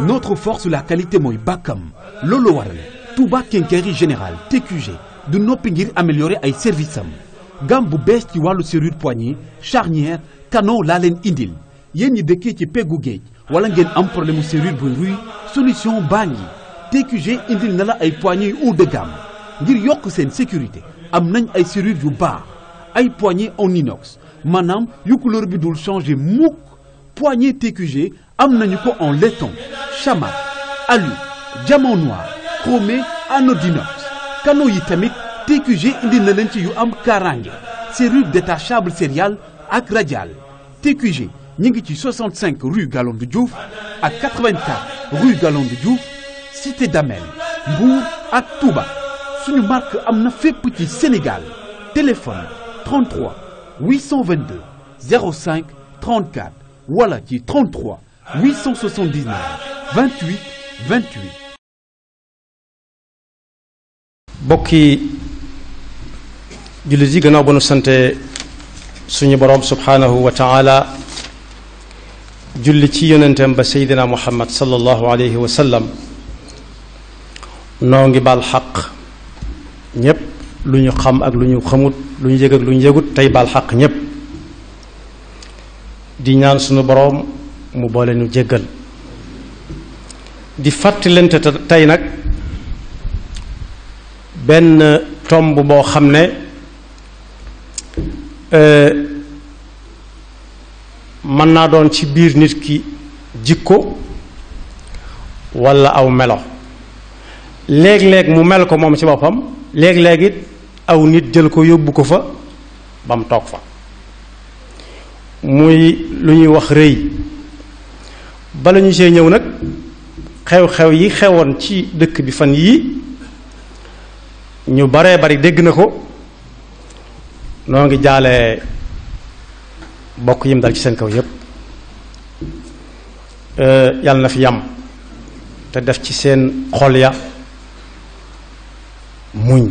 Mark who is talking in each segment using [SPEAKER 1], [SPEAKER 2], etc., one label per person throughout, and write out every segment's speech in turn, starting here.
[SPEAKER 1] notre force la qualité mooy bàkkam loolu waral Touba Quincaillerie général TQG du noppi ngir améliorer ay service am gamme bu bees ci wàllu serrure poignée charnière canon laa leen indil yéen ñi dëkkee ci peggu géej wala ngeen am problème mu serrure buy ruy solution baa ngi TQG indil na la ay poignées yu haut de ngir yokk seen sécurité am nañ ay serrure yu baax ay poignées en inox maanaam yu couleur bi dul changer mukk poignée TQG am nañu ko en laiton chamat alu diamant noir chromé anodinox canaux yi tamit TQG indi na leen ci yu am kaaraange serrure détachable sérial ak radial TQG ñi ngi ci 65 rue Galandou Diouf ak 84 rue Galandou Diouf cité d'Amel Mbour ak Touba suñu marque am na fépp ci Sénégal téléphone 33 822 05 34 wala ci 33
[SPEAKER 2] 879 28 28. bokki jullit yi gannaaw ba nu sante suñu boroom subhaanahu wa taala julli ci yonentam ba seydina muhammad sallallahu alayhi wa sallam noo ngi baal xaq ñépp lu ñu xam ak lu ñu xamut lu ñu yëg ak lu ñu yëgut tey baal xaq ñépp di ñaan suñu boroom mu boole ñu jéggal di fàttalante tey nag benn tomb boo xam ne euh, mën naa doon ci biir nit ki ko walla aw melo léeg-léeg mu mel ko moom ci boppam léeg léegi aw nit jël ko yóbbu ko fa ba toog fa muy lu ñuy wax rëy bala ñu see ñëw nag xew-xew yi xewoon ci dëkk bi fan yii ñu baree bari dégg na ko noo ngi jaale bokk yim dal ci seen kaw yépp euh, yàlla na fi yam te def ci seen xol ya muñ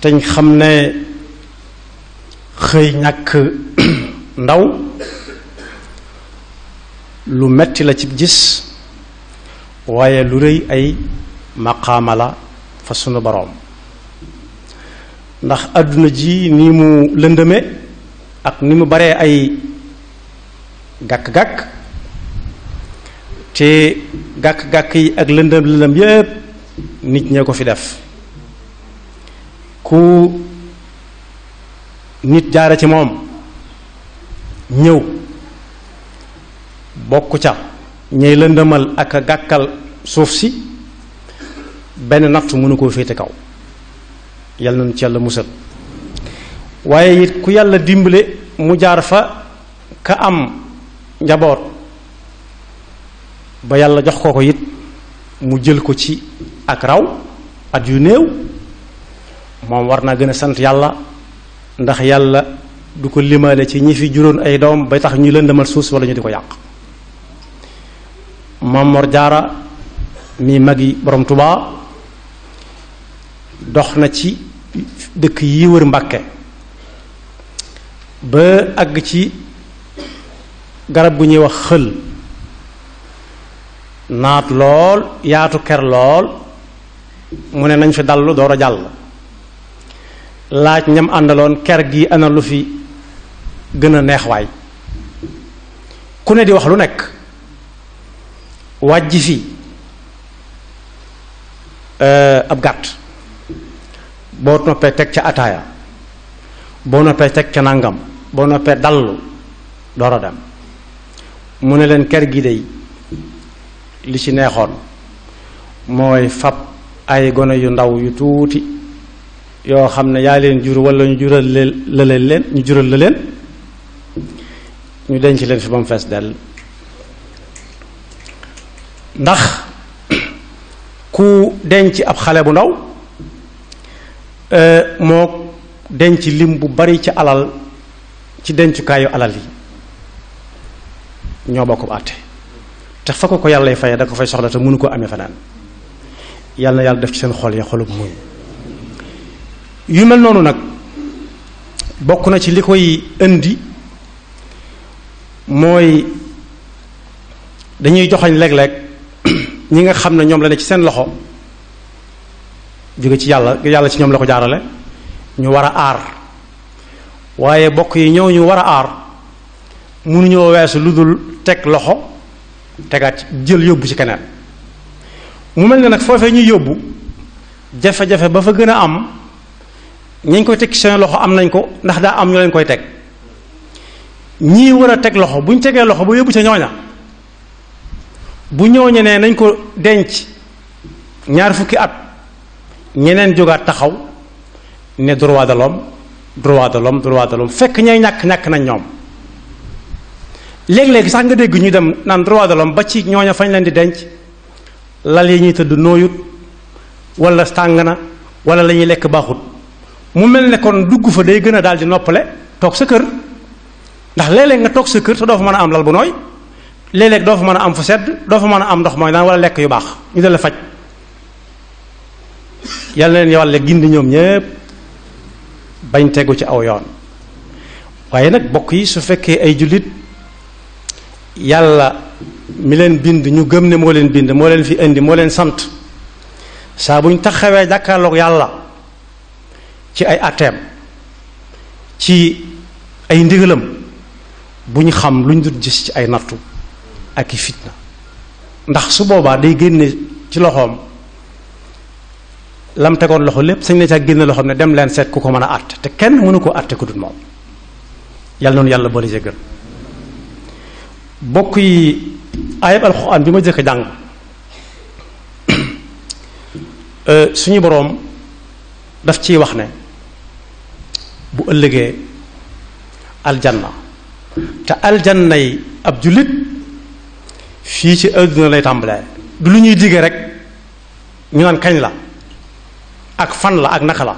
[SPEAKER 2] teñ xam ne xëy ñàkk ndaw lu metti la ci gis waaye lu rëy ay maqaama fa sunu boroom ndax àdduna ji ni mu lëndëme ak ni mu baree ay gàkk-gàkk te gàkk-gàkk yi ak lëndëm lëndëm yépp nit ñee ko fi def ku nit jaare ci moom ñëw bokk ca ñay lëndëmal ak a gàkkal suuf si benn nattu mënu koo féete kaw yal nañu ci yàlla musal waaye it ku yàlla dimbale mu jaar fa ka am njaboot ba yàlla jox ko ko it mu jël ko ci ak raw at yu néew moom war naa gën a sant yàlla ndax yàlla du ko limaale ci ñi fi juróon ay doom bay tax ñu lëndëmal suuf si walla ñu di ko yàq Maam Jaara mi magi borom Tuubaa dox na ci dëkk yi wër Mbàkke ba àgg ci garab gu ñuy wax xël naat lool yaatu ker lool mu ne nañ fi dallu door a jàll laaj ñam àndaloon ker gi ana lu fi gën a neex waay ku ne di wax lu nekk wàjj fi euh, ab gàtt boo noppee teg ca ataaya boo noppee teg ca nangam boo noppee dallu door a dem mu ne leen kër gi dey li ci neexoon mooy fab ay gone yu ndaw yu tuuti yoo xam ne yaa leen jur walla ñu ñu jural la leen ñu denc leen fi ba mu fees dell ndax ku denc ab xale bu ndaw euh, moo denc lim bu bari ci alal ci dencukaayu alal yi ñoo bokk bu àtte te fa ko ko yàllay faye da ko fay soxla te mënu koo amee fanaan yàlla yàlla def ci seen xol ya xolub muñ yu mel noonu nag bokk na ci li koy indi mooy dañuy joxañ léeg-léeg ñi nga xam ne ñoom la ne ci seen loxo jóge ci yàlla yàlla ci ñoom la ko jaarale ñu war a aar waaye bokk yi ñëw ñu war a aar mënuñoo weesu lu dul teg loxo tegaat jël yóbbu ci keneen mu mel ne nag foofee ñuy yóbbu jafe-jafe ba fa gën a am ñañ ko teg ci seen loxo am nañ ko ndax daa am ñoo leen koy teg ñii wara teg loxo bu ñu tegee loxo ba yóbbu ca ñooña bu ñooñu nee nañ ko denc ñaar fukki at ñeneen jógaat taxaw ne droit de l'homme droit fekk ñay ñàkk ñàkk nañ ñoom léeg-léeg sax nga dégg ñu dem naan droit ba ci ñooña fañ leen di denc lal yi ñuy tëdd nooyut wala tàng na walla la ñuy lekk baaxut mu mel ne kon dugg fa day gën a daal di noppale toog sa kër ndax léeg-léeg nga toog sa kër te doo fa mën a am lal bu nooy léeg doo fa mën a am fu sedd doo fa mën a am ndox mooy daan wala lekk yu baax ñu dal la faj yàlla leen yowal gindi ñoom ñépp bañ tegu ci aw yoon waaye nag bokk yi su fekkee ay jullit yàlla mi leen bind ñu gëm ne moo leen bind moo leen fi indi moo leen sant saa bu ñu taxawee jàkkaarloog yàlla ci ay àtteem ci ay ndigalam bu ñu xam lu ñu dul gis ci ay nattu ak i fitna ndax su boobaa day génne ci loxoom lam tegoon loxo lépp sañ na ca génne loxoom ne dem leen seet ku ko mën a àtt te kenn mënu koo àtte ku dul moom yàlla noonu yàlla boole jéggal bokk yi ayab alxuraan bi ma jëkk jàng euh, suñu boroom daf ciy wax ne bu ëllëgee aljanna te aljanna yi ab jullit fii ci àdduna lay tàmbalee du lu ñuy digge rek ñu naan kañ la ak fan la ak naka la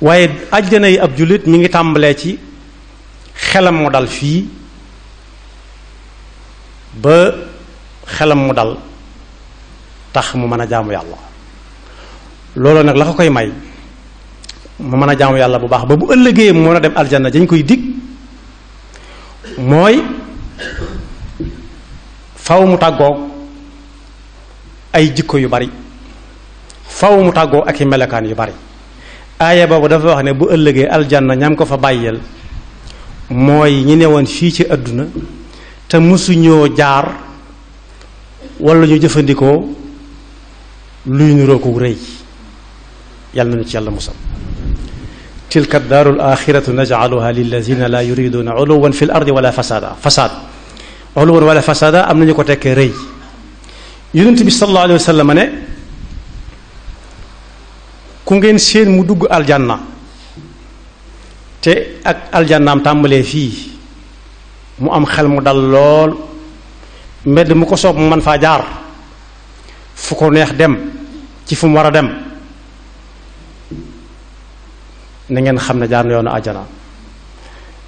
[SPEAKER 2] waaye àjjana yi ab jullit mi ngi tàmbalee ci xelam mu dal fii ba xelam mu dal tax mu mën a jaamu yàlla looloo nag la ko koy may mu mën a jaamu yàlla bu baax ba bu ëllëgee mën a dem aljana dañ koy dig mooy faw mu tàggoog ay jikko yu bari faw mu tàggoog ak i melokaan yu bari aaya boobu dafa wax ne bu ëllëgee aljanna ñam ko fa bàyyeel mooy ñi newoon fii ci àdduna te mësuñoo jaar walla ñu jëfandikoo luy nuroo ko rëy yàlla nañu ci yàlla musal tilka daaru alaaxiratu najcaluha lillazina laa yuriduuna uluwan fi l ardi wala fasaada fasaad wax lu woon wala fasada am nañu ko tekkee rëy yonent bi sallallahu alayhi wa ne ku ngeen seen mu dugg aljanna te ak aljannaam tàmbalee fii mu am xel mu dal lool mbedd mu ko soob mu man faa jaar fu ko neex dem ci fu mu war a dem na ngeen xam ne jaar na yoonu àjjana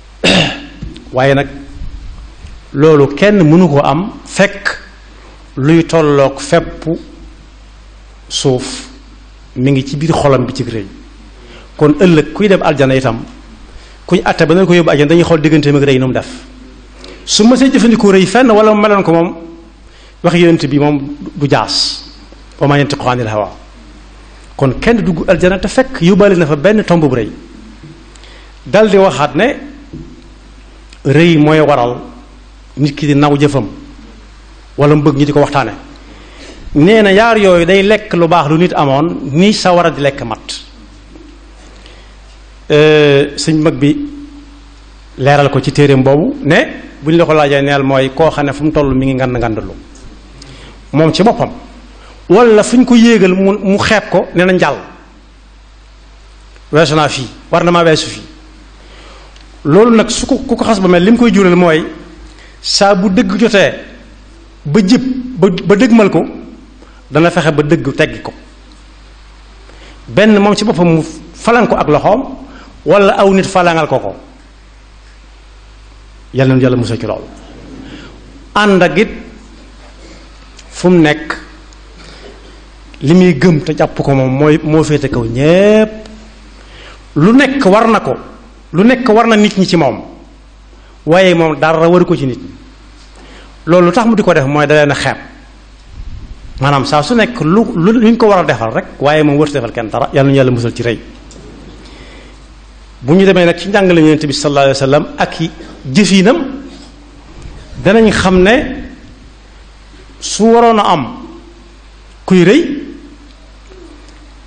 [SPEAKER 2] waaye nag loolu kenn mënu koo am fekk luy tolloog fepp suuf mi ngi ci biir xolam bi ci rëy kon ëllëg kuy dem aljana itam kuñ atte ba nañ ko yóbbu aljana dañuy xool digganteem ak rëy nu mu def su ma see jëfandikoo rëy fenn wala mu meloon ko moom wax yonent bi moom du jaas wa maa yantiqu anil hawa kon kenn dugg aljana te fekk yóbbaale na fa benn tomb bu rëy dal di waxaat ne rëy mooy waral nit ki di naw jëfam wala mu bëgg ñi di ko waxtaanee nee na yaar yooyu day lekk lu baax lu nit amoon ni sawara di lekk mat sëñ mag bi leeral ko ci téereem boobu ne buñ ñu la ko laajee neel mooy koo xam ne fu mu toll mi ngi ngand ngandalu moom ci boppam walla fu ñu ko yéegal mu xeeb ko ne na njàll weesu naa fii war na maa weesu fii loolu nag su ko ku ko xas ba mel li mu koy jural mooy saa bu dëgg jotee ba jëb ba ba ko dana fexe ba dëgg tegg ko benn moom ci boppam mu falan ko ak loxoom walla aw nit falangal ko ko yàlla na yàlla musal ci loolu ànd ak it fu nekk li muy gëm te jàpp ko moom mooy moo féete kaw ñépp lu nekk war na ko lu nekk war na nit ñi ci moom waaye moom dara waru ko ci nit loolu tax mu di ko def mooy da leen a xeeb maanaam saa su nekk lu lu luñ ko war a defal rek waaye moom warut defal kenn dara yàlla yàlla musal ci rëy bu ñu demee nag ci njàngale yonent bi sallallahu alayhi wa sallam ak jëfinam danañ xam ne su waroon a am kuy rëy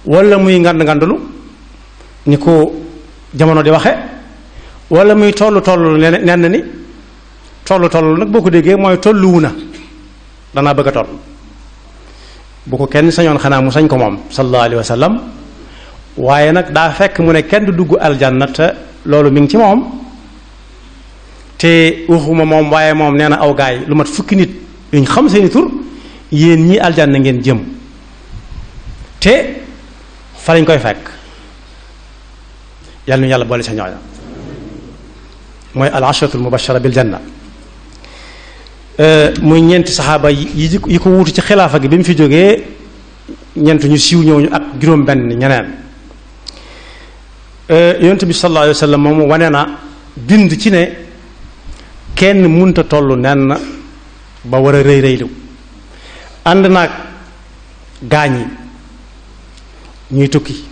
[SPEAKER 2] wala muy ngand ngàndalu ni ko jamono di waxe wala muy tollu tollu nenn ni tollu tollu nag boo ko déggee mooy tolluwu na danaa bëgg a toll bu ko kenn sañoon xanaa mu sañ ko moom sallallahu alayhi wa waaye nag daa fekk mu ne kenn du dugg aljanna te loolu mi ngi ci moom te waxuma moom waaye moom nee na aw gaay lu mat fukki nit yuñ xam seeni tur yéen ñii na ngeen jëm te fa lañ koy fekk yàlla nu yàlla boole sa mooy al ashratul mubashara bil janna euh, muy ñeenti saxaaba yi yi ko wuutu ci xilaafa gi bi mu fi jógee ñeent ñu siiw ñooñu ak juróom-benn ñeneen euh, yonent bi sallallahu alayhi wa sallam moom wane na bind ci ne kenn munta tollu nenn ba war a rëy rëylu ànd naag gaañ yi ñuy tukki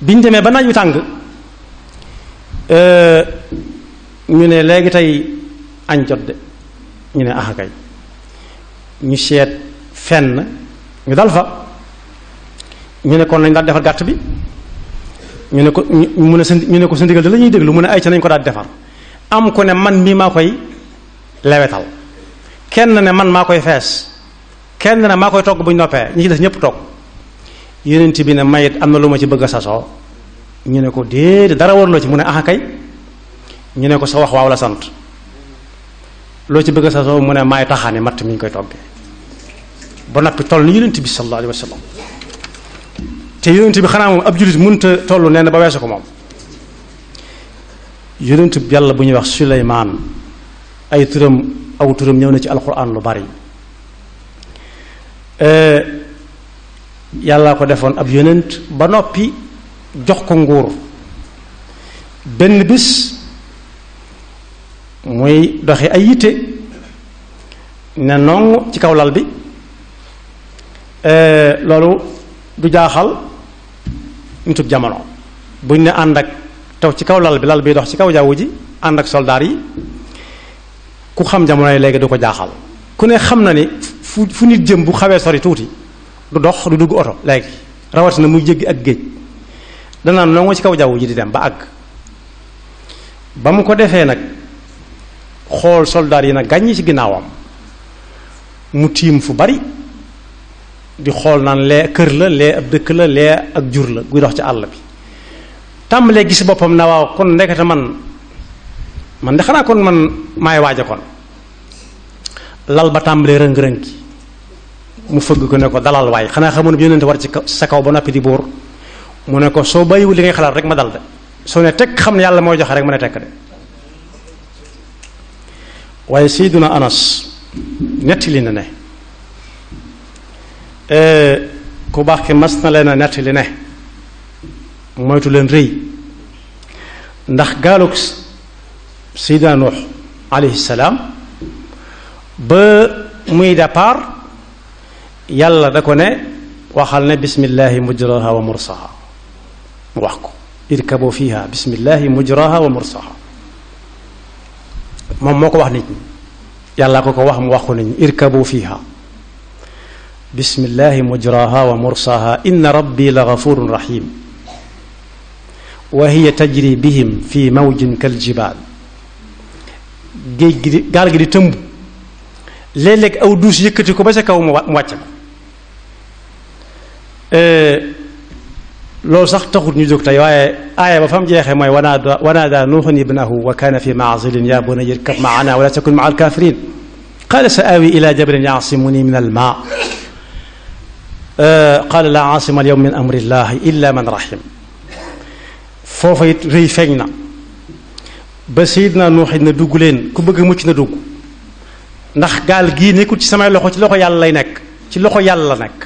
[SPEAKER 2] biñ demee ba naaj tàng euh, ñu ne léegi tey añ jot de ñu ne axakay ah ñu seet fenn ñu dal fa ñu ne kon nañ daal defar gàtt bi ñu ne ko mu ne sa ñu ne ko sa ndigal da déglu mu ne ay ca nañ ko daal defar am ku ne man mii maa koy lewetal kenn ne man maa koy fees kenn ne maa koy togg bu ñu noppee ñi ci des ñëpp togg yonent bi ne mayit am na lu ma ci bëgg a sasoo ñu ne ko déedéet dara la ci mu ne axakay ah ñu ne ko sa wax waaw la sant loo ci bëgg sa soo mu ne maay taxaane matt mi ñu koy toggee ba noppi toll ni yonent bi sallallahu alayhi wa sallam te yonent bi xanaa moom ab jullit mënta toll nee na ba weesu ko moom yonent bi yàlla bu ñuy wax suleymaan ay turam aw turam ñëw na ci alquran lu bari yàlla ko defoon ab yonent ba noppi jox ko nguur benn bis muy doxi ay yitte ne nongu ci kaw lal bi e, loolu du jaaxal nitub jamono buñ ne ànd ak taw ci kaw lal bi lal bi dox ci kaw jaww ji ànd ak soldaar yi ku xam jamono yi léegi du ko jaaxal ku ne xam na ni fu fu nit jëm bu xawee sori tuuti du dox du dugg oto léegi rawatina muy jéggi ak géej danaa nongu ci kaw jaww ji di dem ba àgg ba mu ko defee nag xool soldaar yi nag gàññi ci ginnaawam mu tiim fu bari di xool naan lee kër la lee ab dëkk la lee ak jur la guy dox ci àll bi tàmbalee gis boppam na waaw kon ndekete man man de xanaa kon man maay waaja kon lal ba tàmbalee rëng-rëngi mu fëgg ko ne ko dalal waay xanaa xamoon bi yonent war ci sa kaw ba noppi di buur mu ne ko soo bàyyiwul li ngay xalaat rek ma dal de soo ne teg xam ne yàlla mooy joxe rek ma ne tekk de waaye Seydina Anas nettali na e, ku baax ki mas na leen a nettali ne leen rëy ndax gaalug Seydina Nuux alayhi salaam muy départ yàlla da ko ne waxal ne bismillahi mujraha wa mursaha mu wax ko irkabo fiha bismillahi mujraha wa mursaha moom moo ko wax nit ñi yàllaa ko ko wax mu wax ko nit ñi irkabu fiha bismillahi mujraha wa mursaha inna rabbi la gafurun rahim wa hiya tajri bihim fi mawjin kal jibaal gaal gi di tëmb léeg aw duus yëkkati ko ba ca kaw mu loolu sax taxut ñu jóg tey waaye aaya ba fa mu jeexee mooy wanaadaa wanaadaa nuuxun ibnahu wa kaana fi maazilin yaa bunayya irkab maanaa wala takun maa alkaafiriin qaala sa aawi ilaa jabalin yaasimuni min almaa qaala laa aasima alyawma min amri llahi man rahim foofa it rëy feeñ na ba sayidna nuux na dugg leen ku bëgg mucc na dugg ndax gaal gii nekkul ci samay loxo ci loxo yàlla lay nekk ci loxo yàlla la nekk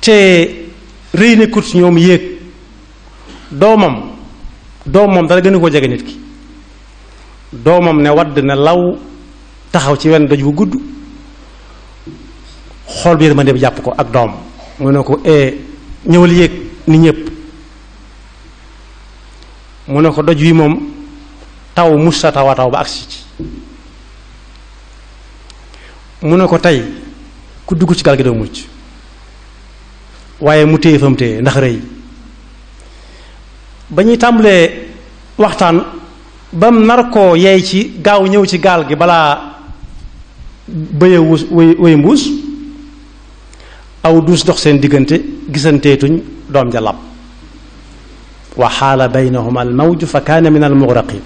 [SPEAKER 2] te rëy na kut ñoom yéeg doomam doomam dara gënu ko jege nit ki doomam ne wadd na law taxaw ci wenn doj wu gudd xool bi yërmande bi jàpp ko ak doom mu ne ko e ñëwal yéeg ni ñépp mu ne ko doj wi moom taw mus sa taw a taw ba agsi ci mu ne ko tey ku dugg ci gaal gi doo mucc waaye mu téye fa mu ndax rëy ba ñuy tàmbalee waxtaan ba mu nar koo yeey ci gaaw ñëw ci gaal gi balaa bëye wus wëy mbuus aw duus dox seen diggante gisanteetuñ doom ja lab wa xaala baynahuma al mawju fa kaana min al mugraqin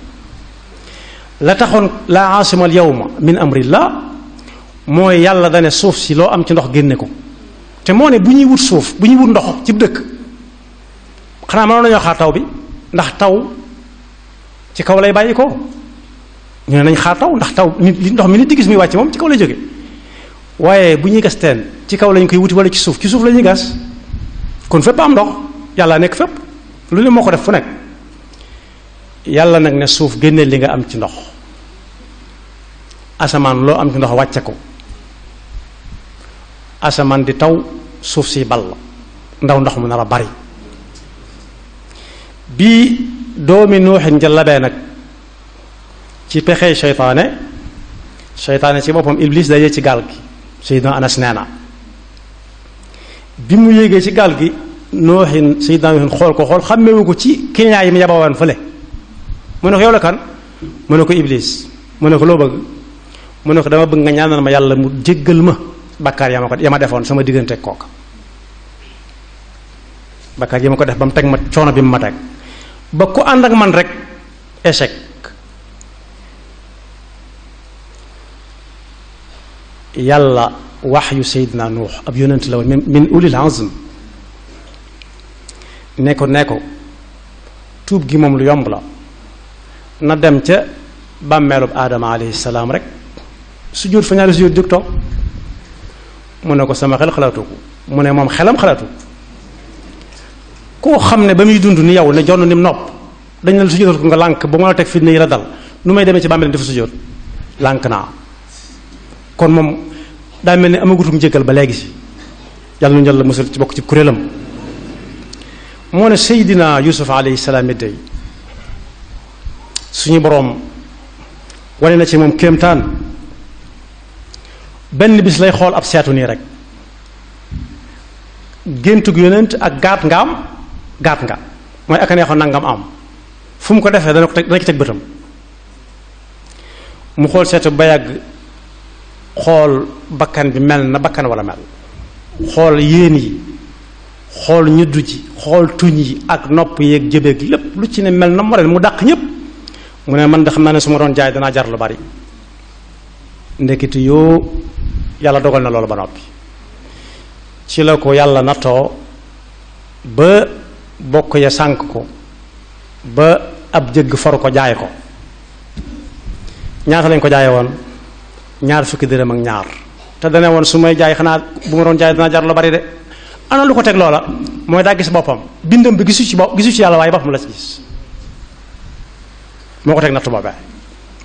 [SPEAKER 2] la taxoon laa aasima al yawma min amrillah mooy yàlla dane suuf si loo am ci ndox génne ko te moo ne bu ñuy wut suuf bu ñuy wut ndox ci dëkk xanaa mënoon nañoo xaar taw bi ndax taw ci kaw lay bàyyi ko ñu ne nañ xaar taw ndax taw nit ndox mi nit di gis muy wàcc moom ci kaw lay jóge waaye bu ñuy gas teen ci kaw lañ koy wuti wala ci suuf ci suuf lañuy gas kon fépp am ndox yàlla nekk fépp lu ne moo ko def fu nekk yàlla nag ne suuf génneel li nga am ci ndox asamaan loo am ci ndox wàcce ko asamaan di taw suuf si bal la ndaw ndox mu nar a bari bi doomi nuuxin ja labee nag ci pexey seytaane seytaane ci boppam iblis dajee ci gaal gi seydina anas nee bi mu yéegee ci gaal gi nooxin seydina nuuxin xool ko xool xàmmewu ko ci kiñaa yi mu yabawaan fële mu ne ko yow kan mu ne ko iblis mu ne ko loo bëgg mu ne ko dama bëgg nga ñaanal ma yàlla mu jéggal ma bakkaar yaa ma ko yama defoon sama diggante kooka bakkaar yi ma ko def ba mu teg ma coono bi mu ma teg ba ku ànd ak man rek échec yàlla waxyu Seydina Nuux ab yonent la woon min ulil azm ne ko ne ko tuub gi moom lu yomb la na dem ca bàmmeelub aadama alayhi salaam rek sujjóot fa ñaari sujjóot jóg toog mu ne ko sama xel xalaatu ko mu ne moom xelam xalaatu koo xam ne ba muy dund ni yow ne jonn ni nopp dañ la sujjóotal ko nga lànk ba mu la teg fi yi la dal nu may demee ci bàmmeel dafa sujjóot lànk naa kon moom daa mel ne amagutum jéggal ba léegi si yàlla nu yàlla musal ci bokk ci kuréelam moo ne Seydina Yuusuf alayhi salaam it day suñu boroom wane na ci moom kéemtaan benn bis lay xool ab seetu nii rek gént géntug yonent ak gaat nga am gaat nga mooy ak a neexoon nangam am fu mu ko defee dana ko teg dana ci teg bëtam mu xool seetu ba yàgg xool bakkan bi mel na bakkan walla mel xool yéen yi xool ñuddu ji xool tuñ yi ak nopp yeeg jëbeeg lépp lu ci ne mel na mu mu daq ñépp mu ne man de xam naa ne su ma doon jaay danaa jar lu bari ndekete yoo yàlla dogal na loolu ba noppi ci la ko yàlla nattoo ba bokk ya sànk ko ba ab jëgg for ko jaay ko ñaata lañ ko jaaye woon ñaar fukki dërëm ak ñaar te dane woon su may jaay xanaa bu ma doon jaay dana jar lu bari de ana lu ko teg loola mooy daa gis boppam bindam bi gisu ci bopp gisu ci yàlla waaye boppam la ci gis moo ko teg nattu boobee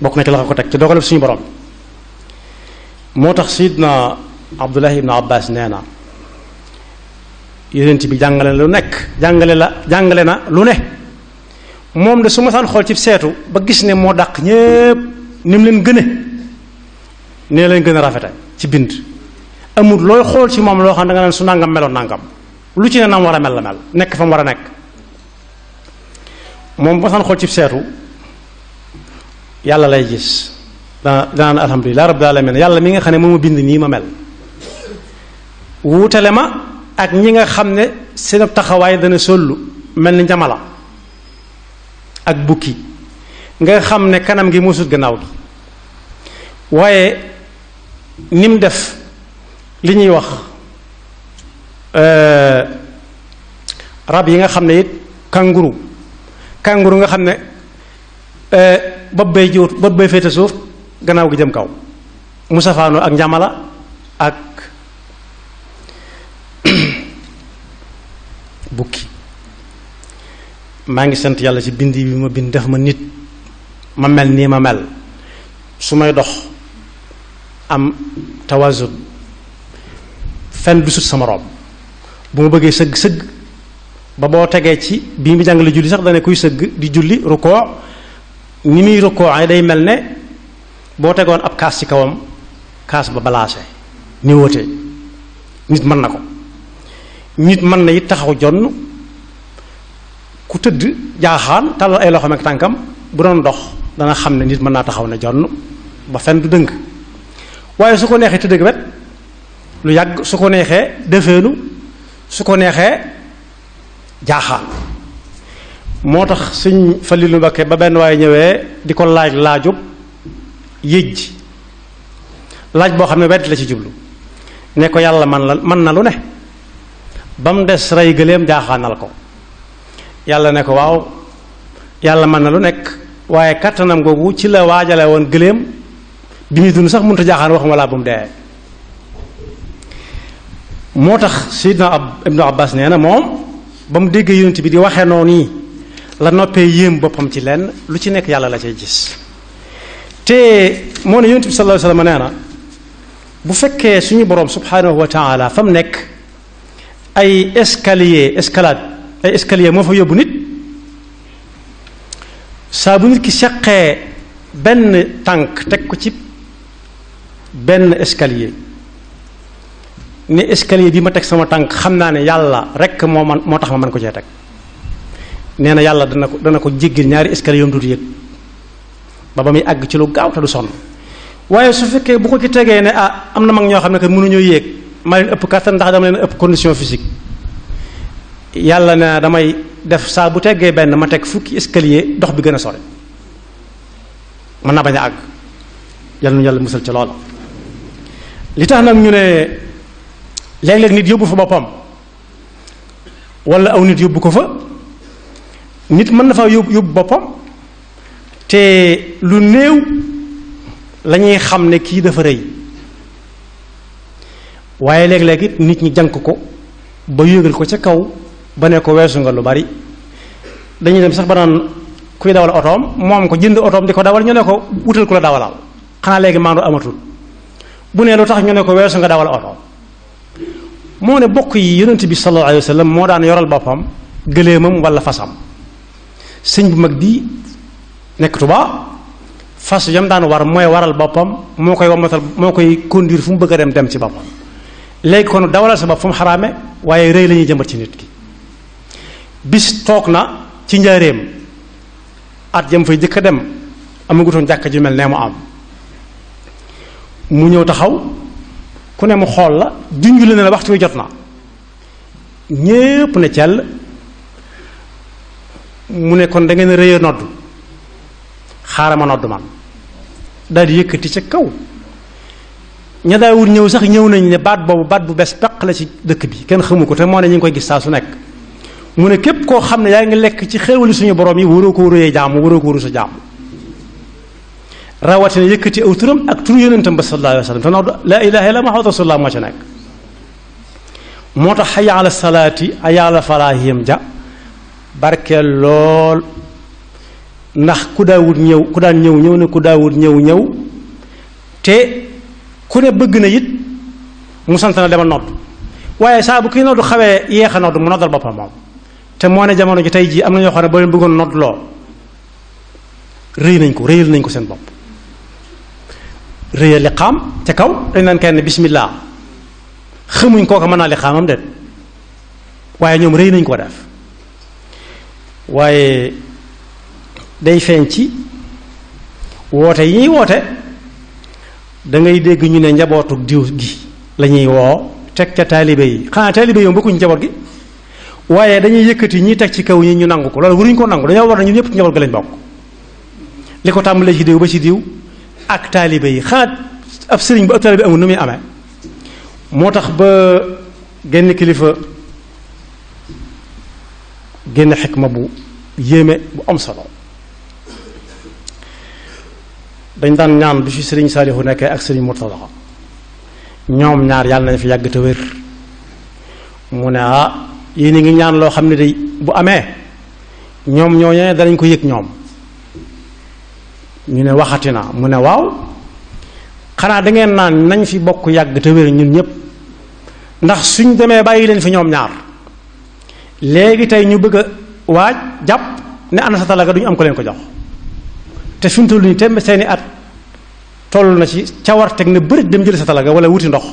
[SPEAKER 2] bokk na ci la ko teg ci dogalab suñu borom moo tax sidna abdullahi ibn abbas nee na yonent bi jàngale na lu nekk jàngale la jàngale na lu ne moom de su ma xool ci seetu ba gis ne moo daq ñépp ni mu leen gëne nee leen gën a rafete ci bind amul looy xool ci moom loo xam da nga naan su nàngam meloo nangam lu ci ne war a mel la mel nekk fa mu war a nekk moom ba xool ci seetu yàlla lay gis dana danaan alhamdulilah rabbil alamin yàlla mi nga xam ne moo ma bind nii ma mel wuutale ma ak ñi nga xam ne seen taxawaay dana sollu mel ni njamala ak bukki nga xam ne kanam gi musut gannaaw gi waaye ni mu def li ñuy wax euh, rab yi nga xam ne it kanguru kanguru nga xam ne euh, bopp bay jiwut bopp bay féete suuf gannaaw gi jëm kaw mu safaanoo ak njamala ak bukki maa ngi sant yàlla ci bind bi ma bind def ma nit ma mel nii ma mel su may dox am tawazun fenn du sut sama room bu ma bëggee sëgg sëgg ba boo tegee ci bi mu jàngale julli sax dane kuy sëgg di julli rukkoo ni muy rukkoo ay day mel ne boo tegoon ab kaas ci kawam kaas ba balaase ni woote nit mën na ko nit mën na it taxaw jonn ku tëdd jaaxaan talal ay loxoom ak tànkam bu doon dox dana xam ne nit mën naa taxaw ne jonn ba fenn du dëng waaye su ko neexee tëdd wet lu yàgg su ko neexee defeelu su ko neexee jaaxaan moo tax suñ Falilu Mbakke ba benn waaye ñëwee di ko laaj laajub yéej ji laaj boo xam ne wedd la ci jublu ne ko yàlla man la man na lu ne ba mu des rey gëléem jaaxaanal ko yàlla ne ko waaw yàlla man na lu nekk waaye kàttanam googu ci la waajale woon gëléem bi muy dund sax mënut a jaaxaan waxuma laa bu mu dee moo tax Seydina ab Ibnu Abbas nee na moom ba mu déggee yonent bi di waxee noonu la noppee yéem boppam ci lenn lu ci nekk yàlla la cay gis te moo ne yonent bi sallallahu alayhi wa sallam bu fekkee suñu borom subhanahu wa taala fa mu nekk ay escalier escalade ay escalier moo fa yóbbu nit saa bu nit ki seqee benn tànk teg ko ci benn escalier ne escalier bi ma teg sama tànk xam naa ne yàlla rekk moo man moo tax ma mën ko cee teg nee na yàlla dana ko dana ko jéggil ñaari escalier yom duutu yëg ba ba muy àgg ci lu gaaw te du sonn waaye su fekkee bu ko ci tegee ne ah am na mag ñoo xam ne que mënuñoo yéeg maa leen ëpp kattan ndax dama leen ëpp condition physique yàlla na damay def saa bu teggee benn ma teg fukki escalier dox bi gën a sore mën naa bañ a àgg yàlla nu yàlla musal ci loola li tax nag ñu ne léeg-léeg nit yóbbu fa boppam wala aw nit yóbbu ko fa nit mën na faa yóbbu yóbbu boppam te lu néew lañuy xam ne kii dafa rëy waaye léeg-léeg nit ñi jànk ko ba yëgal ko ca kaw ba ne ko weesu nga lu bari dañuy dem sax ba naan kuy dawal otoom moom ko jënd otoom di ko dawal ñu ne ko wutal ku la dawalal xanaa léegi maandu amatul bu ne lu tax ñu ne ko weesu nga dawal otoom moo ne bokk yi yonent bi sallallahu alayhi wa sallam moo daan yoral boppam gëléemam wala fasam sëñ bu mag bi nekk ba fas yam daan war mooy waral boppam moo koy wammatal moo koy conduire fu mu bëgg a dem dem ci boppam léegi kon dawalal sa bopp fu mu xaraame waaye rëy lañuy ñuy ci nit ki bis toog na ci njaareem at jëm fay jëkk a dem amagutoon jàkka ju mel nee mu am mu ñëw taxaw ku ne mu xool la junj la ne la waxtu wi jot na ñépp ne cell mu ne kon da ngeen rëy a xaaral ma nodd man daal yëkkati ca kaw ña daawul ñëw sax ñëw nañ ne baat boobu baat bu bees peq la ci dëkk bi kenn xamu ko te moo ne ñu ngi koy gis saa su nekk mu ne képp koo xam ne yaa ngi lekk ci xéewali suñu borom yi waroo ko wóroyee jaamu waroo ko wóru sa jaamu rawatina yëkkati aw turam ak turu yonentam ba sallallahu alayhi wa sallam te nodd laa ilaha illa muhammadu rasulullah moo ca nekk moo tax xayaala salaati ayaala falaahiyam ja barkeel lool ndax ku daawut ñëw ku daan ñëw ñëw na ku daawut ñëw ñëw te ku ne bëgg na it mu sant na demal nodd waaye saa bu kii noddu xawee yéex a nodd mu noddal boppa moom te moo ne jamono ji tey jii am na ñoo xam ne ba leen bëggoon nodd loo rëy nañ ko rëyal nañ ko seen bopp rëyal li xaam ca kaw dañ naan kenn bismillah xamuñ kooka mën naa li xaamam déet waaye ñoom rëy nañ koo def waaye day feeñ ci woote yi ñuy woote dangay dégg ñu ne njabootu diw gi lañuy woo teg ca taalibe yi xanaa taalibe yow bokkuñu njaboot gi waaye dañuy yëkkati ñi teg ci kaw ñi ñu nangu ko loolu waruñu ko nangu dañoo war na ñun ñëpp ci njaboot gi lañ bokk li ko tàmbalee ci diw ba ci diw ak taalibe yi xanaa ab sëriñ bu ab taalibe amul nu muy amee moo tax ba genn kilifa génn ma bu yéeme bu am solo dañ daan ñaan bi fi sëriñ Saalihu nekkee ak sëriñ Murtada ñoom ñaar yàlla nañ fi yàgg te wér mu ne ah yéen a ngi ñaan loo xam ne day bu amee ñoom ñooñee danañ ko yëg ñoom ñu ne waxati na mu ne waaw xanaa da ngeen naan nañ fi bokk yàgg te wér ñun ñëpp ndax suñ demee bàyyi leen fi ñoom ñaar léegi tey ñu bëgg a waaj jàpp ne ana sa talaga duñ am ko leen ko jox te fi mu toll nii seeni at toll na ci cawar teg na bëri dem jël sa talaga wala wuti ndox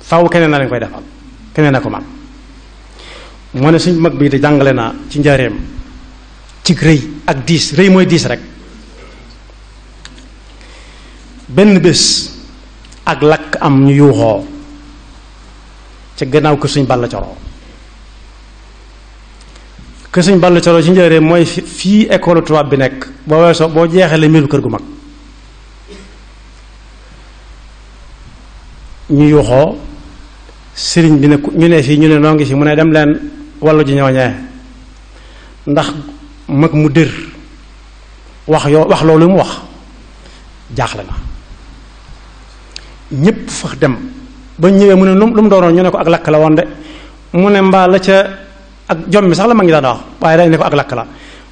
[SPEAKER 2] faaw keneen na lañ koy defal keneen na ko man moo ne suñ mag bii de jàngale naa ci njaareem ci rëy ak diis rëy mooy diis rek benn bés ak lakk am ñu yuuxoo ca gannaaw kër suñ balla coroo kër sëñ Balla Coro ci njëre mooy fii école tuwaab bi nekk boo weesoo boo jeexalee miiru kër gu mag ñu yuuxoo sëriñ bi ne ñu ne fii ñu ne noo ngi fi mu ne dem leen wàllu ji ñooñee ndax mag mu dër wax yoo wax loolu mu wax jaaxle na ñépp fax dem ba ñëwee mu ne lu mu doonoon ñu ne ko ak lakk la woon de mu ne mbaa la ca ak jom mi sax la mag ñi daan wax waaye dañ ne ko ak lakk la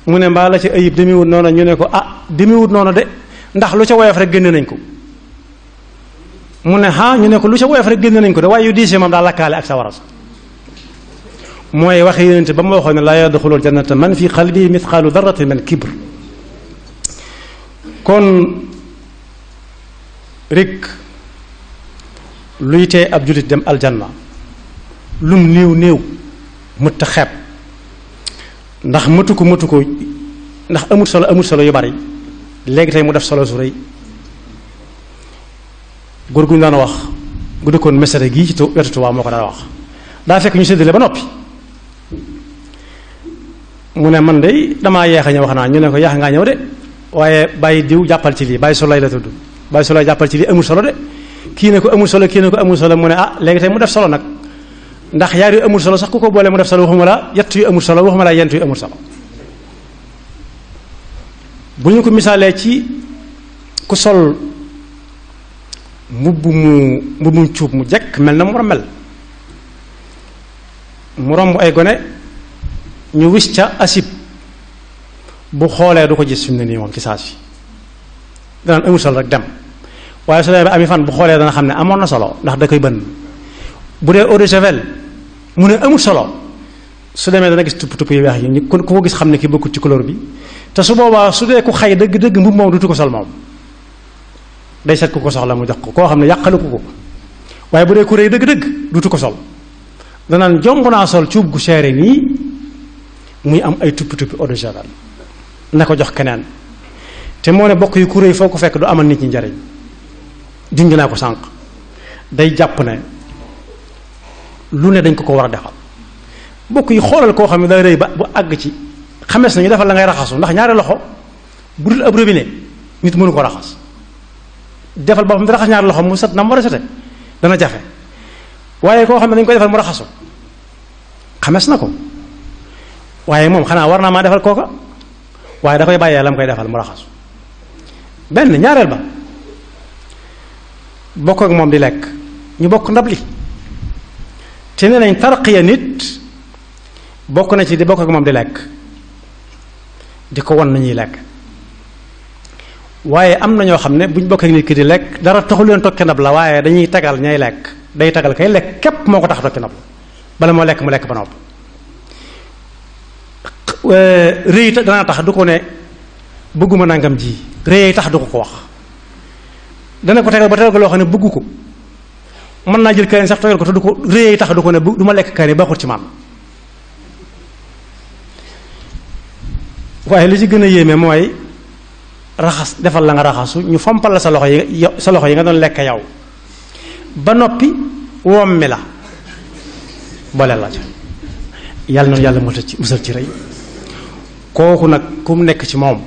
[SPEAKER 2] mu ne mbaa la ci ayib demiwut noonu ñu ne ko ah demiwut noonu de ndax lu ca woyof rek génne nañ ko mu ne ah ñu ne ko lu ca woyof rek génne nañ ko de waaye yu diisee moom daa lakkaale ak sa waras mooy waxe yonente ba mu waxoo ne laa yadxulul jannata man fi qalbi mithqaalu darratin min kibr kon rek luy tee ab jullit dem aljanna lum néew néew mëtta xeeb ndax mëtu ko mëtu ko ndax amul solo amul solo yu bari léegi tey mu def solo su rëy góor gu ñu daan wax gu koon mesere gii ci wetu waa moo ko daan wax daa fekk ñu séddale ba noppi mu ne man de damaa yeex a ñëw wax naa ñu ne ko yeex ngaa ñëw de waaye bàyyi diw jàppal ci lii bàyyi solo lay la tudd bàyyi solo jàppal ci lii amul solo de kii ne ko amul solo kii ne ko amul solo mu ne ah léegi tey mu def solo nag ndax yaar yu amul solo sax ku ko boole mu def solo waxuma la yett yu amul solo waxuma la bu ñu ko misaalee ci ku sol mbubb mu mbubbum cuub mu jekk mel na mu war a mel mu romb ay gone ñu wis ca asib bu xoolee du ko gis fi mu ne nii moom ci saa si danaan amul solo rek dem waaye su demee ba fan bu xoolee dana xam ne amoon na solo ndax da koy bënn bu dee eau de javel mu ne amul solo su demee dana gis tupp tupp yu weex yi ku ko gis xam ne ki bokkul ci couleur bi te su boobaa su dee ku xay dëgg dëgg mbubb moom dutu ko sol moom day seet ko soxla mu jox ko koo xam ne yàqalu ko ko waaye bu dee ku rëy dëgg dëgg dutu ko sol danaan jong naa sol cuub gu seere nii muy am ay tupp tupp eau de javel na ko jox keneen te moo ne bokk yu ku rëy foo ko fekk du amal nit ñi njariñ junj naa ko sànq day jàpp ne lu ne dañ ko ko war a defal mbokk yi xoolal koo xam ne day rëy ba bu àgg ci xames ñu defal la ngay raxasu ndax ñaari loxo bu dul ab robinet nit mënu ko raxas defal boppam di raxas loxo mu set na mu war dana jafe waaye koo xam ne dañ koy defal mu raxasu xames na ko waaye moom xanaa war naa maa defal kooka waaye da koy bàyyee la mu koy defal mu raxasu benn ñaareel ba bokk moom di lekk ñu bokk ndab li te nee nañ tarqiya nit bokk na ci di bokk ak moom di lekk di ko wan nañuy lekk waaye am na ñoo xam ne bu ñu bokk ak nit ki di lekk dara taxul leen la waaye dañuy tagal ñay lekk day tagal kay lekk képp moo ko tax tokki ndab bala moo lekk mu lekk ba nopp réy danaa tax du ko ne bëgguma nangam ji réy tax du ko ko wax dana ko tegal ba tegal ko loo xam ne bëggu ko mën naa jël kaani sax tooyal ko te du ko réyee tax du ko ne du ma lekk kaani baaxut ci maam waaye li ci gën a yéeme mooy raxas defal la nga raxasu ñu fompal la sa loxo yi sa loxo yi nga doon lekk yow ba noppi wommi la boole la ca yàlla noonu yàlla musal ci musal ci rëy kooku nag ku mu nekk ci moom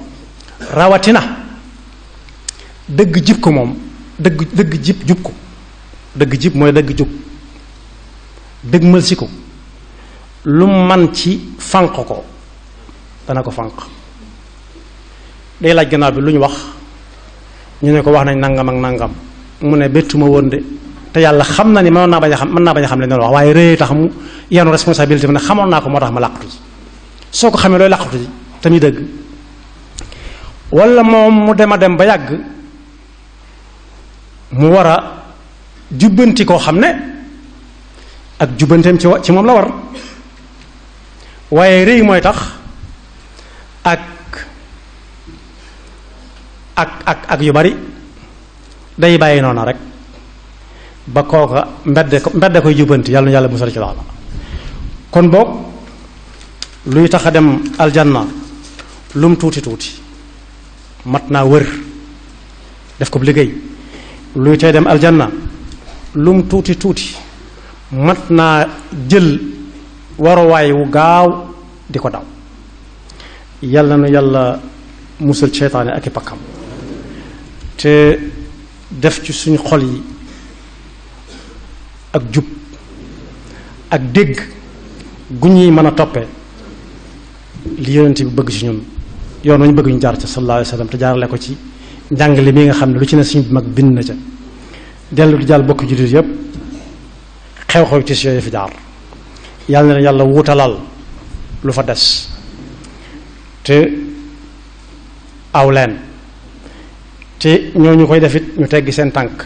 [SPEAKER 2] rawatina dëgg jib ko moom dëgg dëgg jib jub ko dëgg jib mooy dëgg jub dëgmal si ko lu man ci fanq ko dana ko fanq day laaj gannaaw bi lu ñu wax ñu ne ko wax nañ nangam ak nangam mu ne bettuma woon de te yàlla xam na ni mënoon naa bañ a xam mën naa bañ a xam li ñu wax waaye rëy tax mu yanu responsabilité bi ne xamoon naa ko moo tax ma làqatu ji soo ko xamee looy làqatu ji tamit dëgg wala moom mu dem dem ba yàgg mu war jubbanti koo xam ne ak jubbanteem ci ci moom la war waaye réy mooy tax ak ak ak ak yu bari day bàyyi noona rek ba kooka mbedd mbedd koy jubbanti yàlla na yàlla musal ci loolu kon boog luy tax a dem aljanna lum tuuti tuuti mat naa wër def ko liggéey luy tey dem aljanna lum tuuti tuuti mat naa jël waruwaay wu gaaw di ko daw yàlla na yàlla musal seytaane ak i pakkam te def ci suñu xol yi ak jub ak dégg gu ñuy mën a toppee li yonent bi bëgg ci ñun yoon nañu bëgg ñu jaar ca sallallahu alayhi wa te jaarale ko ci njàngale mi nga xam ne lu ci ne suñu mag bind na ca dellu di jàll bokk jullit yëpp xew-xew tis yooyu fi jaar yàlla na leen yàlla wutalal lu fa des te aw leen te ñoo ñu koy def it ñu teggi seen tànk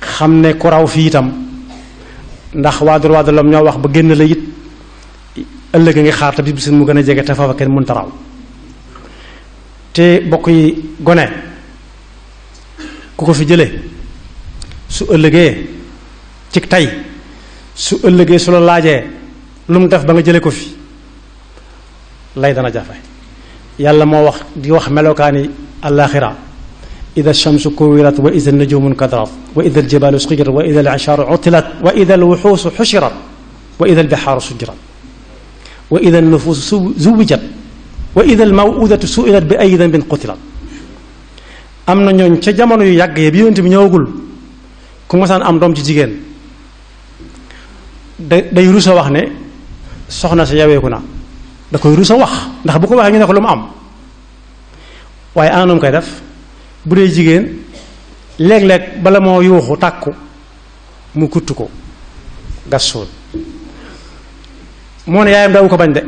[SPEAKER 2] xam ne ku raw fii itam ndax waadur waadulam ñoo wax ba génn la it ëllëg a ngi xaar te bis mu gën a jege te faafa kenn mënta raw te bokk yi gone ku ko fi jële su ëllëgee ci tey su ëllëgee su la laajee lu mu def ba nga jëlee ko fi lay dana jafe yàlla moo wax di wax melokaani alaaxira ida shamsu kuwirat wa ida najumu nkadarat wa ida aljibalu suyirat wa ida alashaaru wa ida alwuxuusu xushirat wa ida albixaaru sujirat wa ida alnufuusu zuwijat wa ida almawudatu suilat bi ay dambin qutilat am na ñooñ ca jamono yu yàgg yi bi yonent bi ku masaan am doom ci jigéen da day rusa wax ne soxna si yaweeku na da koy rusa wax ndax bu ko waxee ñu ne ko lu mu am waaye anoom koy def bu dee jigéen léeg bala moo yuuxu tàkku mu kutt ko gas suul moo ne yaayam ko bañ de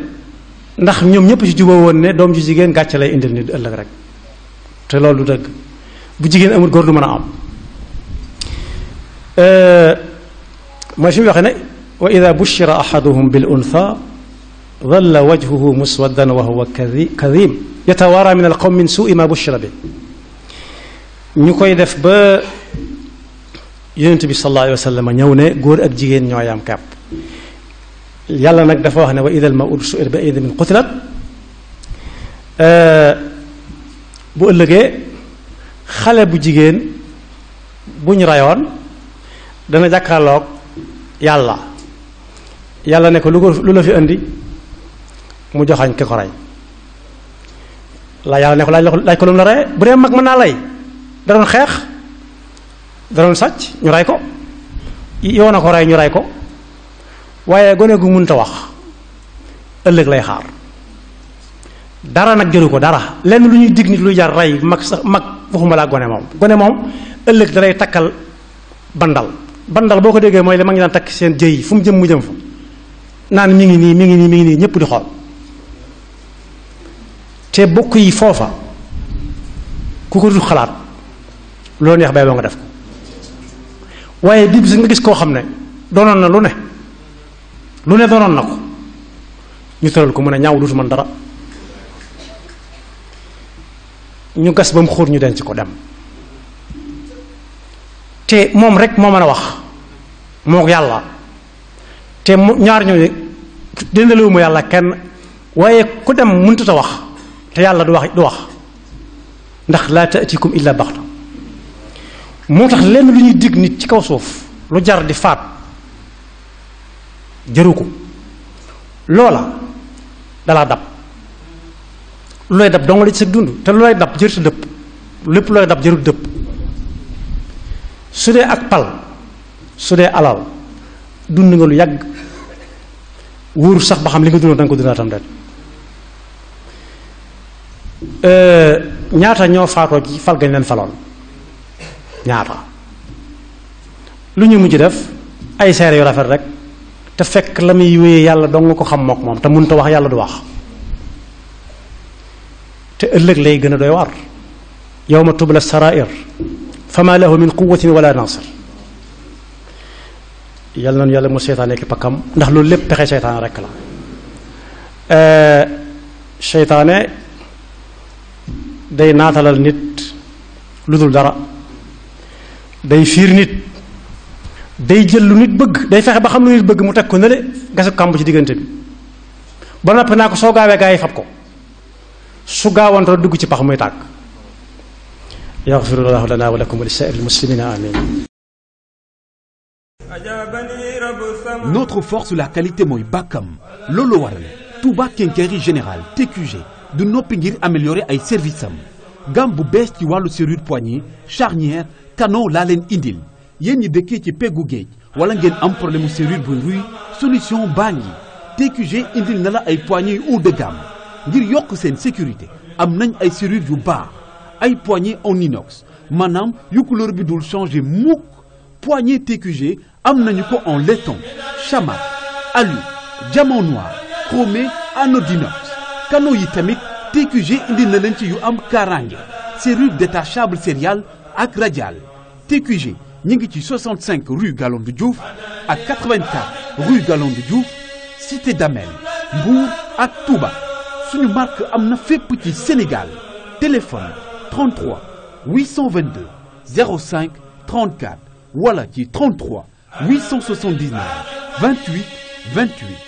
[SPEAKER 2] ndax ñoom ñëpp ci juboo woon ne doom ji jigéen gàcce lay indil nit ëllëg rek te loolu du dëgg bu jigéen amul góor lu mën a am Euh, mooy fi mu waxee ne wa ida bushira ahaduhum bil untha dalla wajhuhu muswaddan wa huwa kadim yatawaara min alqawm min suui ma bushira bi ñu koy def ba yonent bi sallallahu alayhi wa sallam ñëw ne góor ak jigéen ñoo yam kàpp yàlla nag dafa wax ne wa ida almawuudatu su'ilat bi ayyi dambin qutilat euh, bu ëllëgee xale bu jigéen bu ñu rayoon dana jàkkaarloog yàlla yàlla ne ko lu ko la fi indi mu joxañ ki ko rey la yàlla ne ko laaj laaj ko lu la rey bu dee mag mën naa lay da doon xeex da doon sàcc ñu rey ko yoon a ko rey ñu rey ko waaye gone gu mënta wax ëllëg lay xaar dara nag jëru ko dara lenn lu ñuy dig nit lu jar rey mag sax mag waxuma laa gone moom gone moom ëllëg dalay takkal bandal bandal boo ko déggee mooy li ma ngi daan takk seen jëy fu mu jëm mu jëm fa naan mi ngi nii mi ngi nii mi ngi nii ñëpp di xool te bokk yi foofa ku ko dul xalaat loo neex bay boo nga def ko waaye di bis nga gis koo xam ne doonoon na lu ne lu ne doonoon na ko ñu tëral ko mun a ñaw dutu man ñu gas ba mu xóot ñu ci ko dem te moom rek moo mën a wax moo yàlla te mu ñaar ñooñu dendalewu ma yàlla kenn waaye ku dem mënut wax te yàlla du wax du wax ndax laa taatikum illa baxta moo tax lenn lu ñuy dig nit ci kaw suuf lu jar di faat jëru ko loola dalaa dab lu lay dab dong la ci sa dund te lu lay dab jër sa dëpp lépp lu lay dab jëru dëpp su dee ak pal su dee alal dund nga lu yàgg wóoru sax ba xam li nga dundoon da nga ko euh, ñaata ñoo faatoo ci fal gañ leen faloon ñaata lu ñu mujj def ay seere yu rafet rek te fekk la muy wéyee yàlla dong nga ko xam mook moom te mënut a wax yàlla du wax te ëllëg lay gën a doy waar yow ma tubla sarair fama lahu min quwatin wala nasir yàlla nañu yàlla mu seytaane ki pakkam ndax loolu lépp pexe seytaane rekk la eh, seytaane day naatalal nit lu dul dara day fiir nit day jël lu nit bëgg day fexe ba xam lu nit bëgg mu teg ko nële gasu kàmb ci diggante bi ba noppi naa ko soo gaawee gaa yi fab ko su gaawantoo dugg ci pax muy tàkk yaxfirullahu lana wa lakum wa li saa'iril muslimina amin
[SPEAKER 1] notre force la qualité mooy bàkkam loolu waral Touba Quincaillerie Générale TQG du noppi ngir améliorer ay service am gam bu bees ci wàllu serrure poignée charnière canon laa leen indil yéen ñi dëkkee ci peggu géej wala ngeen am problème mu serrure buy ruy solution baa ngi TQG indil na ay poignées haut de ngir yokk seen sécurité am nañ ay serrure yu baax ay poignée on inox maanaam yu couleur bi dul changé mukk poignée TQG am nañu ko en laiton chamat alu diamant noir chromé anodinox kano yi tamit TQG indi na leen ci yu am kaaraange serrure détachable sérial ak radial TQG ñu ngi ci 65 rue Galandou Diouf ak 84 rue Galandou Diouf cité d'Amel Mbour ak Touba suñu marque am na fépp ci Sénégal téléphone 33 822 05 34 wala ci 33 879 28 28.